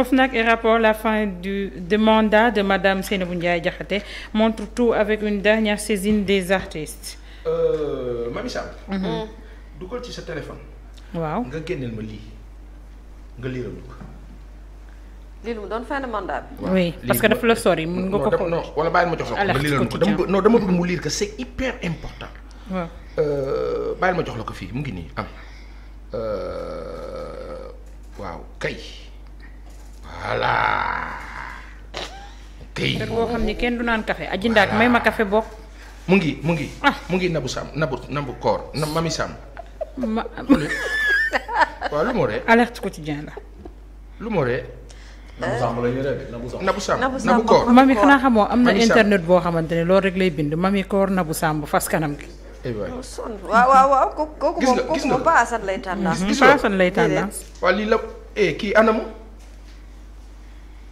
OFNAC et rapport la fin du de mandat de Madame Seynabou Ndiaye Diakhaté montre tout avec une dernière saisine des artistes. Euh, Mami mhm. mm. dugal ci sa téléphone. waaw nga génneel ma lii nga liiral ko. lii lu mu doon fin de mandat bi. oui parce ma jox la ko nga liiral ko dama dama bëgg mu liir que c'est hyper important. waaw euh, bàyyi ma jox la ko fii mu ngi nii am euh, waaw kay. voilà. tey kër boo xam ne kenn du naan café aji ndaak may ma café boo mu ngi mu ngi. Ah. mu ngi nabu sam nabu nabu koor na mami sam. ma. waaw moo ree. alerte quotidien la. lu moo ree. nabu sam la ñuy ree nabu sam. nabu sam nabu koor xanaa xamoo am na internet boo xamante ne loolu rek lay bind mami koor nabu sam bu fas kanam gi. Eh aywa oh, sonn waaw waaw waaw kooku moom kooku moom lay tànn. Mm-hmm. Pa Assane lii la eh anamu.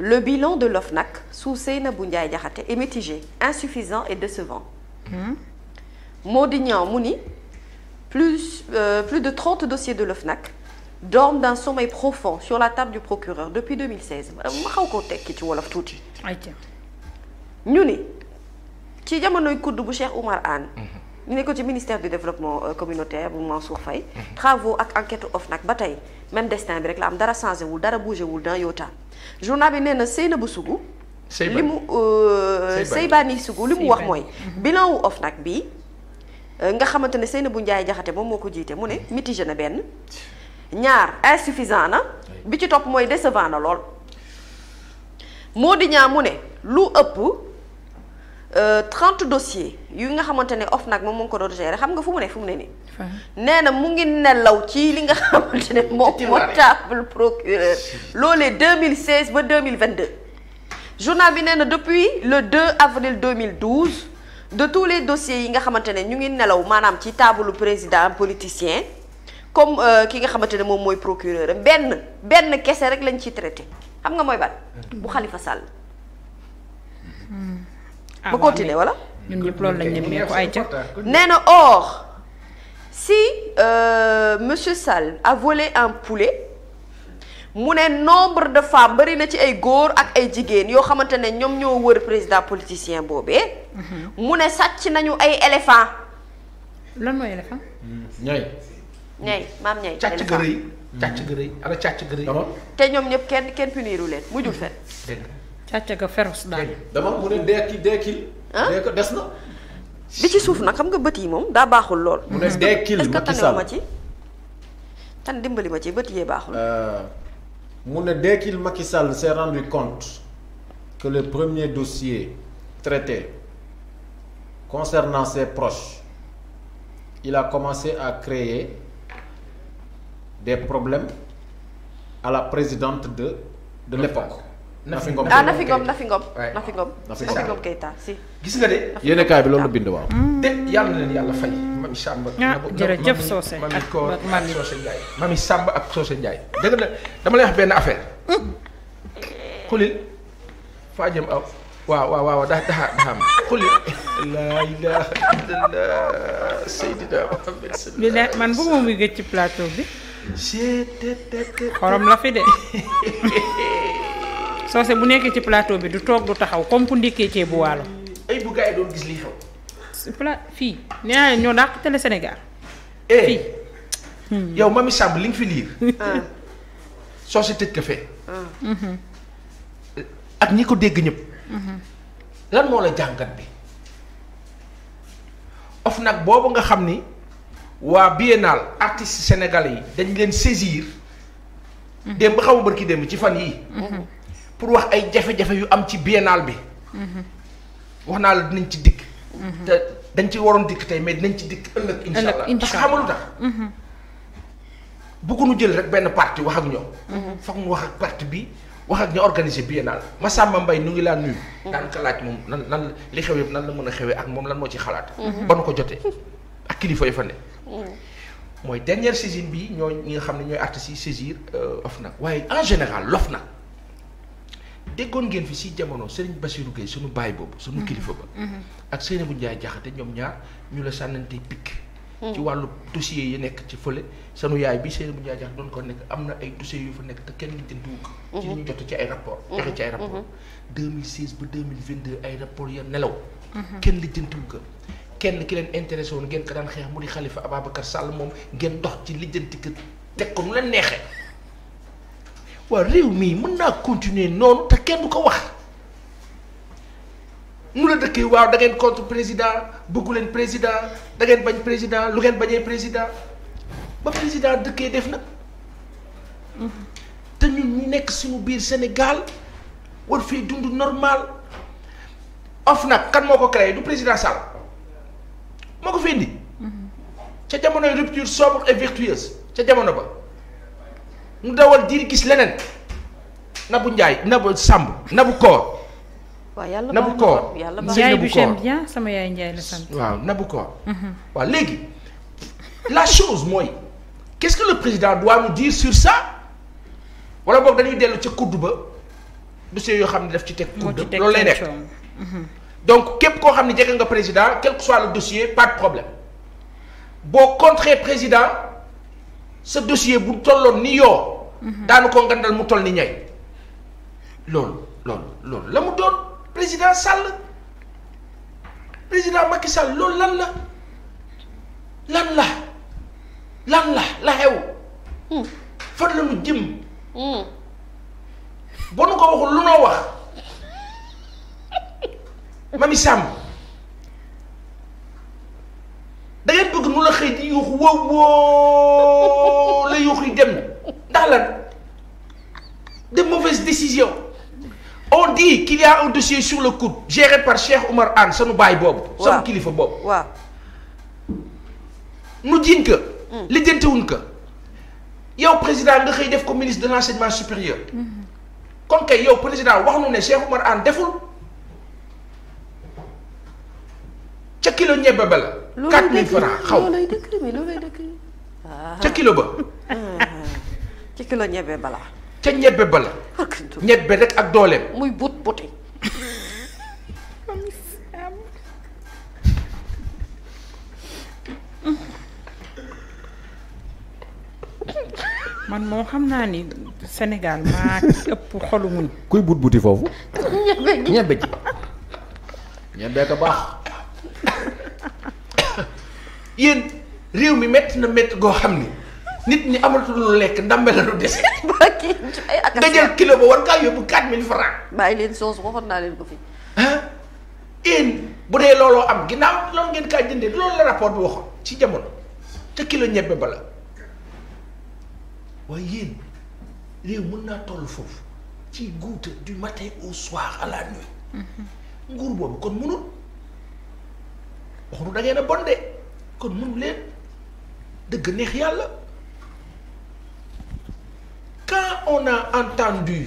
Le bilan de l'OFNAC sous Seynabou Ndiaye Diakhaté est mitigé, insuffisant et décevant. Hmm? Mody Niang mu ni plus euh, plus de 30 dossiers de l'OFNAC dorment d'un sommeil profond sur la table du procureur depuis 2016 ma xaw koo tekki ci wolof tuuti. ñu ni ci jamonoy kudd bu Cheikh Oumar Anne. Hmm. ñu ne ko ci ministère du développement euh, communautaire bu Mansour Faye travaux ak enquête nag ba tey même destin bi rek la am dara changé wul dara bougé wul dans yoota journal bi nee na Seynabou Sougou li mu euh, Seybani Sougou li mu wax mooy bilan wu nag bi euh, nga xamante ne Seynabou Ndiaye Jaxate moom moo ko jiite mu ne mitigé na benn ñaar insuffisant na bi ci topp mooy décevant na lool moo di ñaa mu ne lu ëpp 30 euh, dossiers yu nga xamante ne nag moom moo ko doon gérer xam nga fu mu ne fu mu ne nii. nee na mu ngi nelaw ci li nga xamante ne moom moo table procureur. loolee 2016 ba 2022. journal bi nee na depuis le 2 avril 2012 de tous les dossiers yi nga xamante ne ñu ngi nelaw maanaam ci table président politicien comme euh, ki nga xamante ne moom mooy procureur am benn benn kese rek lañ ci traité xam nga mooy ban. bu Khalifa Sall. Hmm. Ah, ba continuer wala. ñun loolu lañ leen meeku ay ca. nee na or si euh, monsieur Sall a volé un poulet mu ne nombre de femmes bari na ci ay góor ak ay jigéen yoo xamante ne ñoom ñoo wër président politicien boobee. Mhm. mu ne sàcc nañu ay éléphant lan mooy éléphant ñay ñay maam ñay. càcc gërëy càcc gërëy ala càcc gërëy. te ñoom ñëpp kenn kenn puniru leen mujjul fen càcc ga féroce daal dama mu ne dekki dekkil. Ah? dee ko des na. bi ci suuf nag xam nga bët yi moom daa baaxul lool. mu ne dekkil est-ce que ci. tan dimbali ma ci bët yee baaxul. Euh, mu ne dès qu'il Macky Sall s'est rendu compte que le premier dossier traité concernant ses proche il a commencé à créer des problèmes à la présidente de de l'époque Nafi Ngom ah Nafi Ngom Nafi Ngom Nafi Ngom Nafi Ngom Keita si. gis nga de. yéen kaay bi loolu bind waaw. te mm. yàlla na leen yàlla fay. mami Samba ah, jërëjëf Socé ak mami Socé ah, mami Samba ak Socé Ndiaye. dëgg na dama lay wax benn affaire. Mm. xulil faa jëm aw. waaw waaw waaw daa daa am xulil. laa ilaaha illallah man bëgguma muy gëj ci plateau bi. xorom la fi de. soose bu nekkee ci plateau bi du toog du taxaw comme ku ndékkee ceebu waalo. ay bu gars yi doon gis li xew. plat fii nee naa ñoo dàq télé Sénégal. Eh. fii. Hmm. yow Mamy Samb li nga fi liir. Ah. soose tëj ka fee. Ah. Mm-hmm. ak ñi ko dégg ñëpp. Mm-hmm. lan moo la jàngat bi. of nag boobu nga xam ni waa biennale artistes sénégalais yi dañ leen saisir. dem mm-hmm. xaw a barki dem ci fan yi pour wax ay jafe-jafe yu am ci biennale bi. wax naa la dinañ ci dikk. te dañ ci waroon dikk tey mais dinañ ci dikk ëllëg. incha allah parce que xamalu mmh. jël rek benn parti wax ak ñoom. Mmh. foog mu wax ak parti bi wax ak ñu organiser ma Massamba mbay nu ngi laa nuyu. Mmh. daanaka laaj moom nan nan li xew yëpp nan la mën a xewee ak moom lan moo ci xalaat. ba nu ko jotee ak kilifa yi fa ne. mooy dernière saisine bi ñoo ñi nga xam ne ñooy artistes yi saisir euh, OFNAC waaye en général l'OFNAC déggoon ngeen fi si jamono Serigne Bassirou Gueye suñu baay boobu suñu mm-hmm. kilifa ba mm-hmm. ak Seynabou Ndiaye Jaxate ñoom ñaar ñu la sànnante pikk mm. ci wàllu dossier yi nekk ci fële sanu yaay bi Seynabou Ndiaye Jaxate doon ko nekk am na ay dossiers yu fa nekk te kenn lijjantiwu ko ci ñu mm-hmm. jot ci ay rapport joxe ci ay rapport 2016 ba 2022 ay rapport ya nelaw kenn lijjantiwu kenn ki leen intéressé woon ngeen ko daan xeex mu di Khalifa Ababacar Sall moom waa réew mii mun naa continuer noonu te kenn du ko wax mu la dëkkee waaw da ngeen contre président bëgguleen président da ngeen bañ président lu ngeen bañee président ba président dëkkee def na te ñun ñu nekk suñu biir Sénégal war fii dund normal of nag kan moo ko créé du président Sall moo ko fi indi mhm. ca jamonoy rupture sobre et vertueuse ca jamono ba mu dawal diir gis leneen Nabou Ndiaye Nabou Samb Nabou Koor. waaw yàlla Nabou Koor Ndiaye bi j'aime bien sama yaay Ndiaye la sant. waaw Nabou Koor. Mhm. waaw léegi la chose mooy qu'est-ce que le président doit nous dire sur ça wala boog dañuy dellu ca kudd ba dossier yoo xam ne daf ci teg. kudd loolu lay nekk mhm. donc képp koo xam ne jege nga président quel que soit le dossier pas de problème boo contrer président sa dossier bu tolloon ni yoo. Mhm. daanu ko ngandal mu toll ni ñay loolu loolu la mu doon président Sall président Macky Sall loolu lan la lan la lan la la xew hmm. fan la jëm hmm. boo nu ko waxul lu noo wax Mamy Samb bëgg nu la xëy di yuux wow wow ndax lan de mauvaises décisions on dit qu'il y a sur le coude géré par Cheikh Oumar Anne sanu baay boobu. waaw sanu kilifa boobu. waaw nu jiin ko. Hmm. lijjantewuñ ko. yow président nga xëy def ko ministre de l'enseignement supérieur. Hmm. kon kay yow président wax nu ne Cheikh Oumar Anne deful. ca kilo ñebe ba la. ca kilo ba. ci kilo ñebe balaa. ca ñebe bala. ñebe rek ak dooleem. muy but buti. man moo xam naa ni Sénégal maa ëpp xolu kuy but buti foofu. ñebe ji ñebe ko baax. yéen réew mi métti na métti goo xam ni. nit ñi amatul lu lekk ndambe la lu dese. nga jël kilo ba war kaa yóbbu 4000 francs. bàyyi leen soos waxoon naa leen ko fi. ah bu dee looloo am ginnaaw lan ngeen kaa jëndee loolu la rapport bi waxoon ci jamono te kilo ñebbe ba la waaye yéen réew mën naa toll foofu ci guuta du matin au soir à la mhm. nguur boobu kon mënul waxuñu da ngeen a bon de kon mënu leen dëgg neex yàlla. quand on a entendu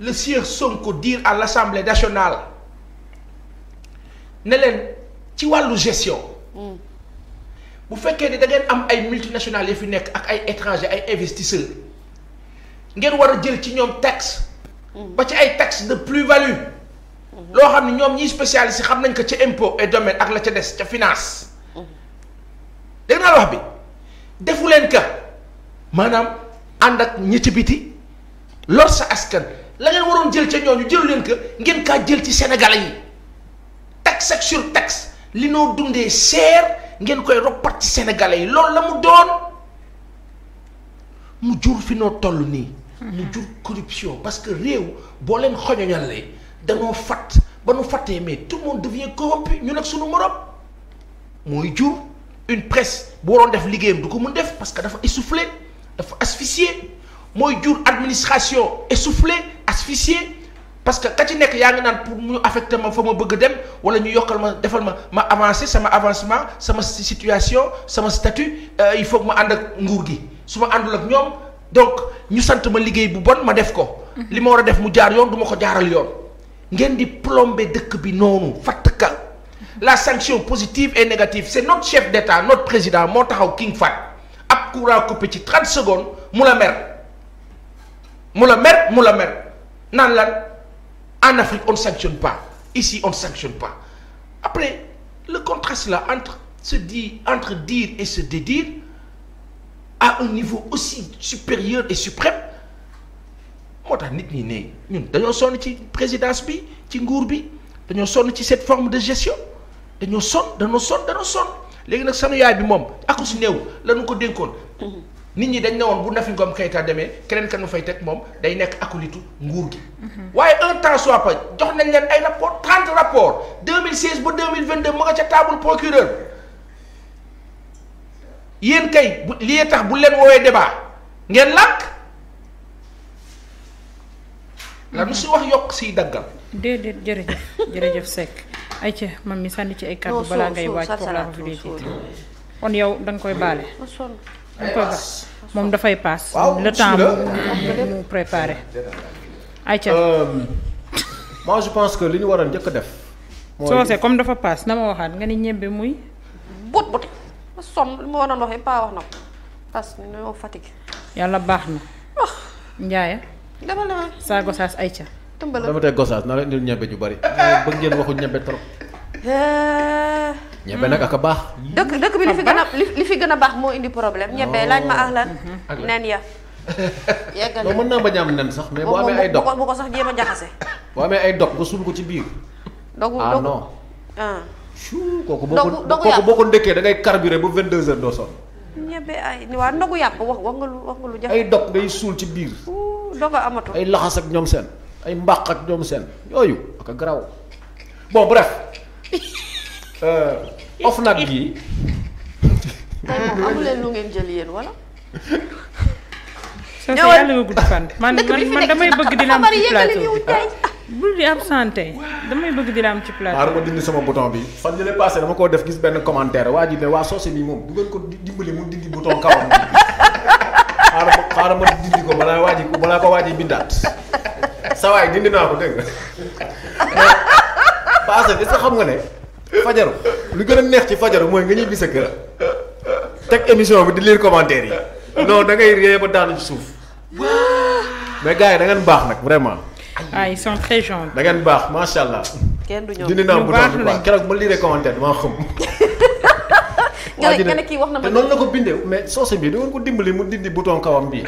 le sieur Sonko dire à l'Assemblée nationale ne leen ci wàllu gestion bu fekkee ni da ngeen am ay multinationales yi fi nekk ak ay étrangers ay investisseurs ngeen war a jël ci ñoom taxe ba ci ay taxe de plus-value loo xam ne ñoom ñiy spécialiste xam nañ ko ca impo et domaine ak la ca des ca finance dégg naa la wax bi defu leen ka maanaam ànd ak ñi biti lor sa askan la ngeen waroon jël ca ñooñu jël leen ko ngeen kaa jël ci sénégalais yi taxe ak sur taxe li noo dundee seer ngeen koy roppat ci sénégalais yi loolu la mu doon mu jur fi noo toll nii. mu jur corruption parce que réew boo leen xoñoñalee danoo fat ba nu fattee mais tout le monde devient corrompu ñu nag sunu morom mooy jur une presse bu waroon def liggéeyam du ko mun def parce que dafa essoufflé. dafa asphyxié mooy jur administration essoufflée asphyxié parce que ka ci nekk yaa ngi naan pour mu affecté ma fa ma bëgg dem wala ñu yokkal ma defal ma ma avancé sama avancement sama situation sama statut euh, il faut ma ànd ak nguur gi su ma àndul ak ñoom donc ñu sant ma liggéey bu bon ma def ko. Mhm. li ma war a def mu jaar yoon duma ko jaaral yoon. ngeen di plomber dëkk bi noonu fatt ka mhm. la sanction positive et négative c'est not chef d'État notre président moo taxaw King Fahd ab courant coupé ci 30 secondes mu la mer mu la mer mu la mer naan lan en Afrique on ne sanctionne pas ici on ne sanctionne pas après le contraste là entre se di entre dire et se dédire à un niveau aussi supérieur et suprême moo tax nit ñi ne ñun dañoo sonn ci présidence bi ci nguur bi dañoo sonn ci cette forme de gestion dañoo sonn dañoo sonn dañoo sonn léegi nag sanu yaay bi moom ak su néew lañu ko dénkoon. Mhm. nit ñi dañ ne woon bu Nafi Ngom Keïta demee keneen kanu fay teg moom day nekk acolyte nguur gi. Mhm. waaye un temps soit pas jox nañ leen ay rapport 30 rapport 2016 ba 2022 ma nga ca table procureur yéen kay bu lii tax bu leen woowee débat ngeen làkk. lanu si wax yokk siy daggal. déedéet jërëjëf jërëjëf Seck ay ca man mi sànni ci ay kàddu balaa ngay waaj pour la kon yow danga koy baale da moom dafay paas le temps mu préparé ay ca euh, moi je que li ñu war a njëkk def soose comme dafa paas na ma waxaat nga ni ñebbe muy but but ma sonn li ma waroon waxee paa na ko paas ni ñoo fatigué yàlla baax na ah. njaaya demal na ay ca tëmbala dama tey gosaas na la indil ñebe ju bari bëgg ngeen waxu ñebe trop. Eh, ñebe nag ak a baax. dëkk dëkk bi li fi gën a li fi gën a baax moo indi problème ñebe oh. laaj ma ak lan. Mhm. nen ya. yeggal mën naa bañ a am nen sax mais bu amee ay dog bu ko sax jéem a jaxase. bu amee ay dog nga suul ko ci biir. dogu dogu ah non. Ah. chuu kooku boo ko kooku boo ko ndëkkee da ngay carburé ba 22h doo sonn. ñebe ay waa ndogu yàpp wax wax nga lu wax nga lu jafe. ay suul ci biir. doo ko amatul ay laxas ak ñoom seen. ay mbaq ak ñoom seen yooyu ak garaw bon bref euh, OFNAC gii. tey moom amu leen lu ngeen jël yéen wala. ñëwal soo ko yàlla nga gudd fan. man man damay bëgg dina am ci plateau bul di absenté damay bëgg di la am ci plateau. waaw ma dindi sama bouton bi. fan yële passé dama koo def gis benn commentaire waa ji ne waa soose bi moom bu ngeen ko dimbali mu dindi bouton kawam. xaaral ma xaaral ma dindi ko balaa ko waa ji bindaat. sa waay dindi naa ko dégg nga parce sa xam nga ne fajaru lu gën a neex ci fajaru mooy nga ñibbi sa kër teg émission bi di lire commentaire yi non da ngay réer ba daanu ci suuf mais gaa yi da ngeen baax nag vraiment. ah ils sont très gentils. da ngeen baax macha allah. kenn du ñoom dindi naa bu baax baax keroog ma lire commentaire bi maa xam. waa ji kii wax na ma noonu la ko bindee mais soose bi da ngeen ko dimbali mu dindi bouton kawam bii.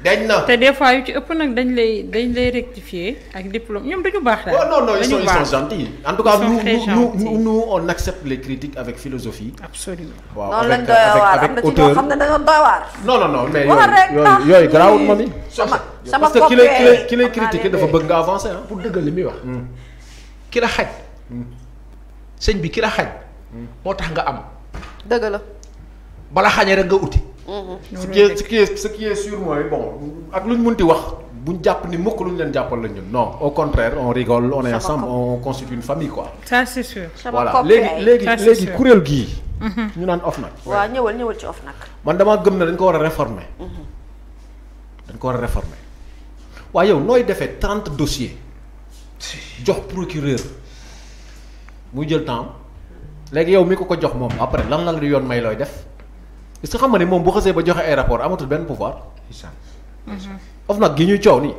dañ na te des fois yu ci ëpp nag dañ lay dañ lay rectifier ak diplôme ñoom dañu baax daal. non non ils sont ils sont gentils en tout cas nous nous nous nous on accepte les critiques avec philosophie. absolument waaw avec avec avec auteur non non non mais yooyu yooyu garaawul ma mi. sama sama parce que ki lay ki lay critiquer dafa bëgg nga avancer ah. pour dëggal li muy wax. Hmm. ki la xaj. Hmm. sëñ bi ki la xaj. Hmm. moo tax nga am. dëgg la. bala xañee rek nga uti. Mm-hmm. ce qui est ce qui e ce qui est sûr mooy bon ak lu ñu mun ti wax buñ jàpp ni mukk lu ñu leen jàppal la ñun non au contraire on rigole on est ensemble on constitue une famille quoi. ça c'est léegi léegi léegi kuréel gii. Mm-hmm. ñu naan OFNAC. waaw ñëwal ñëwal ci OFNAC. man damaa gëm ne dañ ko war a réformer. Mm-hmm. dañ ko war a réformer waaye yow nooy defee trente dossiers. jox procureur muy jël temps léegi yow mi ko ko jox moom après lan la yoon may looy def. est-ce que xam nga ne moom bu xasee ba joxe ay rapport amatul benn pouvoir. of nag gi ñuy coow nii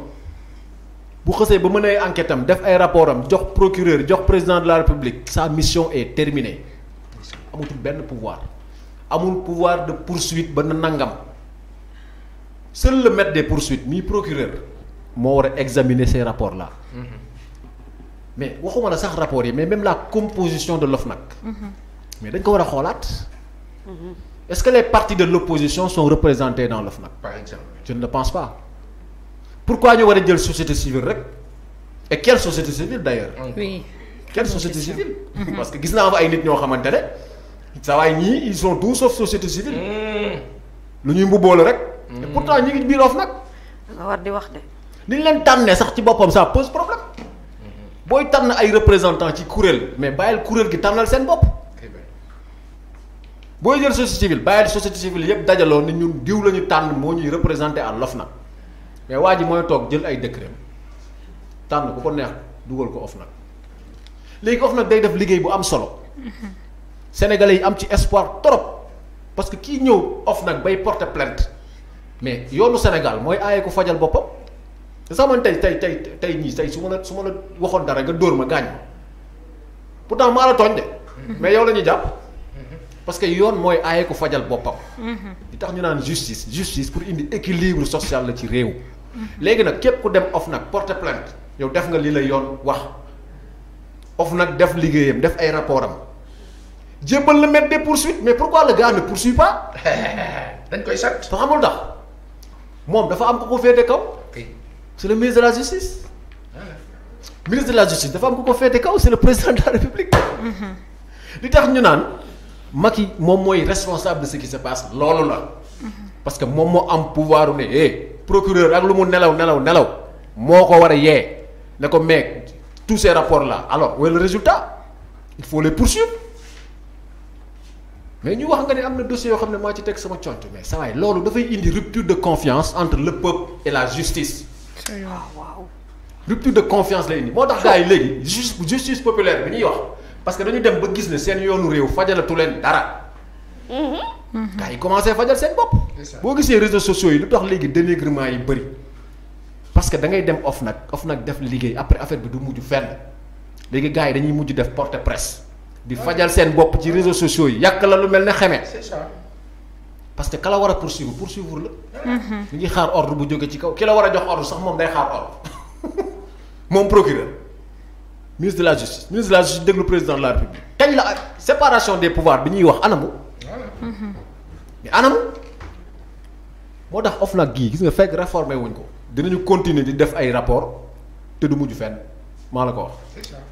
bu xasee ba mën ay enquête am def ay rapport am jox procureur jox président de la république sa mission est terminée amatul benn pouvoir amul pouvoir de poursuite ba na nangam seul le maître des poursuites mi procureur moo war a examiner ces rapports la mm -hmm. mais waxuma la sax rapport yi mais même la composition de l'OFNAC mm mais dañ ko war a xoolaat mm-hmm. est-ce que les partis de l'opposition sont représentés dans l'OFNAC par exemple je ne le pense pas pourquoi ñu war a jël société civile rek et quelle société civile d'ailleurs oui quelle société civile parce que gis naa fa ay nit ñoo xamante ne saa waay ñii ils sont tous sauf société civile hmm. lu ñuy mbubboolu rek et hmm. pourtant ñi ngi biir OFNAC nga di wax de ni leen tànnee sax ci boppam ça pose problème hmm. booy tànn ay représentants ci kuréel mais bàyyil kuréel gi tànnal seen bopp booy jël société civile bàyyil société civile yëpp dajaloo ni ñun diw la ñu tànn moo ñuy représenté à nag mais waa ji mooy toog jël ay décret tànn ku ko neex dugal ko OFNAC léegi nag day def liggéey bu am solo sénégalais yi am ci espoir trop parce que kii ñëw nag bay porte plainte mais yoonu Sénégal mooy aaye ko fajal boppam te sax man tey tey tey tey ñii tey su ma la su ma la waxoon dara nga dóor ma gaañ ma pourtant maa la tooñ de mais yow la ñuy jàpp. parce que yoon mooy aaye ko fajal boppam. li mhm. tax ñu naan justice justice pour indi équilibre social la ci réew. léegi nag képp ku dem nag porte plainte yow def nga li la yoon wax OFNAC def liggéeyam def ay rapport am jébbal la mettre des poursuites mais pourquoi le gars ne poursuit pas. dañ koy sant. te xamul ndax moom dafa am ko ko féete kaw. c'est le ministre de la justice. Ah. ministre de la justice dafa am ko ko féete kaw c'est le président de la république. li mhm. tax ñu naan. Macky moom mooy responsable de ce qui se passe loolu la parce que moom moo am pouvoir ne eh procureur ak lu mu nelaw nelaw nelaw moo ko war a yee ne ko mais tous ces rapport là alors où est résultat il faut les poursuivre mais ñu wax nga ne am na dossier yoo xam ne maa ci teg sama cont mais saa waay loolu dafay indi rupture de confiance entre le peuple et la justice. waaw ah, waaw rupture de confiance lay indi moo tax gars yi léegi justice populaire bi ñu wax. parce que dañu dem ba gis ne seen yoonu réew fajalatu leen dara. Mm-hmm. gars yi commencé fajal seen bopp. boo gisee réseaux sociaux yi lu tax léegi dénigrement yi bëri. parce que da ngay dem OFNAC nag def liggéey après affaire bi du mujj fenn léegi gars yi dañuy mujj def porte presse. di fajal seen bopp ci réseaux sociaux yi yàq la lu mel ni xeme. c'est ça. parce que ka la war a poursuivre poursuivre la. mi mm-hmm. xaar ordre bu jóge ci kaw ki war a jox ordre sax moom day xaar ordre moom ministre de la justice ministre de la justice déglu président de la république kañ la séparation des pouvoirs bi ñuy wax anamu. mais anamu moo tax OFNAC gii gis nga fekk réformé wuñ ko dinañu continuer di def ay rapport te du mujj fenn maa la ko wax.